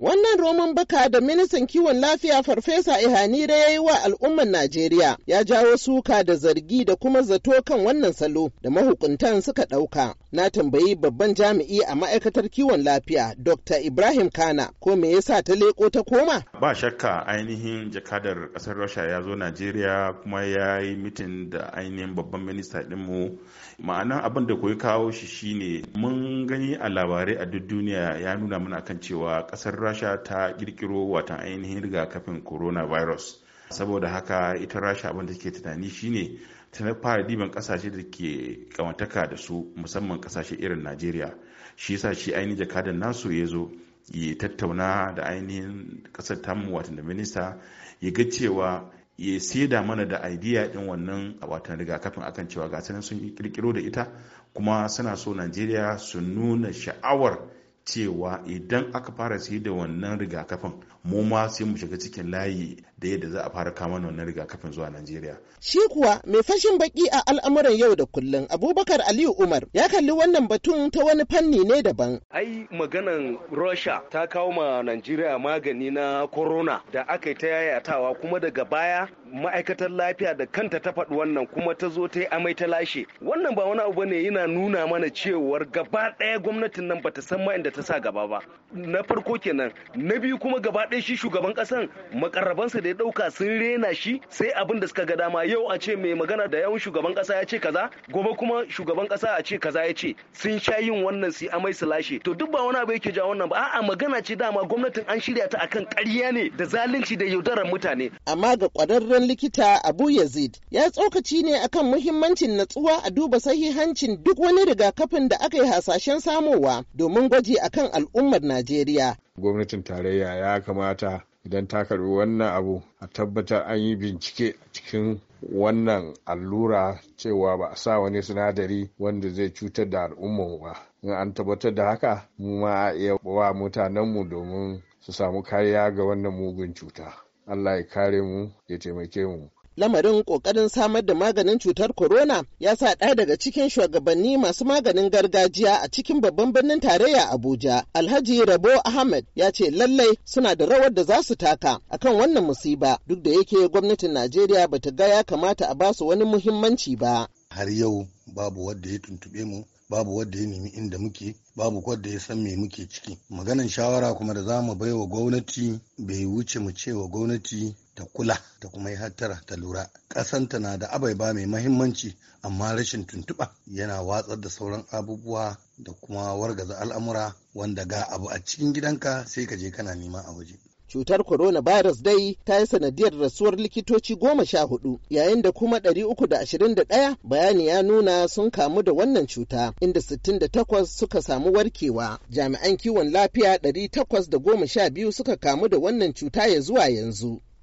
Wannan roman baka da ministan kiwon lafiya Farfesa Ihanira ya yi wa al'ummar Najeriya ya jawo suka da zargi da kuma zato kan wannan salo da mahukuntan suka ɗauka. Na tambayi babban jami'i a ma'aikatar kiwon lafiya Dr. Ibrahim Kana ko me yasa ta leko ta koma? ba shakka ainihin jakadar kasar rasha ya zo najeriya kuma ya yi mitin da ainihin babban minista dinmu ma'ana abin da kuwa kawo shi shine mun gani a labarai a duk duniya ya nuna mana kan cewa kasar rasha ta kirkiro watan ainihin rigakafin coronavirus saboda haka ita rasha abin da ke tunani shine ta na fara diban kasashe da ke kamantaka da su musamman kasashe irin najeriya shi yasa shi ainihin jakadar nasu ya zo ya tattauna da ainihin kasar tamu watan da minista ya ga cewa ya saida mana da idea din wannan a watan rigakafin akan cewa gasar sanin sun kirkiro da ita kuma suna so najeriya su nuna sha'awar cewa idan aka fara sai da wannan rigakafin mu ma sai mu shiga cikin layi da yadda za a fara kama wannan rigakafin zuwa Najeriya. Shi kuwa mai fashin baki a al'amuran yau da kullum Abubakar Aliyu Umar ya kalli wannan batun ta wani fanni ne daban. Ai maganan Russia ta kawo ma Najeriya magani na corona da aka yi ta yayatawa kuma daga baya ma'aikatar lafiya da kanta ta faɗi wannan kuma ta zo ta yi amai ta lashe wannan ba wani abu ne yana nuna mana cewar gaba ɗaya gwamnatin nan bata san ma inda ta sa gaba ba na farko kenan na biyu kuma gaba ɗaya shi shugaban ƙasan makarrabansa da ya dauka sun rena shi sai abin da suka ga dama yau a ce mai magana da yawan shugaban kasa ya ce kaza gobe kuma shugaban kasa a ce kaza ya ce sun sha yin wannan su amai su lashe to duk ba wani abu yake ja wannan ba a'a magana ce dama gwamnatin an shirya ta akan ƙarya ne da zalunci da yaudarar mutane amma ga kwararren likita Abu Yazid ya tsokaci ne akan muhimmancin natsuwa a duba sahihancin duk wani rigakafin da aka yi hasashen samowa domin gwaji akan al'ummar Najeriya gwamnatin tarayya ya kamata idan ta karbi wannan abu a tabbatar an yi bincike cikin wannan allura cewa ba a sa wani sinadari wanda zai cutar da al'umma ba in an tabbatar da haka mu ma a iya wa mutanenmu domin su samu kariya ga wannan mugun cuta allah ya kare mu ya taimake mu lamarin kokarin samar da maganin cutar corona ya sa ɗaya daga cikin shugabanni masu maganin gargajiya a cikin babban birnin tarayya abuja alhaji rabo ahmed ya ce lallai suna da rawar da za su taka akan wannan musiba duk da yake gwamnatin najeriya bata ga ya kamata a basu wani muhimmanci ba har yau babu wanda ya tuntube mu babu wanda ya nemi inda muke babu wadda ya san me muke ciki maganan shawara kuma da za mu bai wa gwamnati bai wuce mu ce wa gwamnati ta kula ta kuma yi hattara ta lura ƙasanta na da abaiba mai mahimmanci amma rashin tuntuɓa yana watsar da sauran abubuwa da kuma wargaza al'amura wanda ga abu a cikin gidanka sai ka je kana nema a waje cutar coronavirus dai ta yi sanadiyar rasuwar likitoci goma sha hudu yayin da kuma ɗari uku da ashirin da ɗaya bayani ya nuna sun kamu da wannan cuta inda sittin da takwas suka samu warkewa jami'an kiwon lafiya ɗari takwas da goma sha biyu suka kamu da wannan cuta ya zuwa yanzu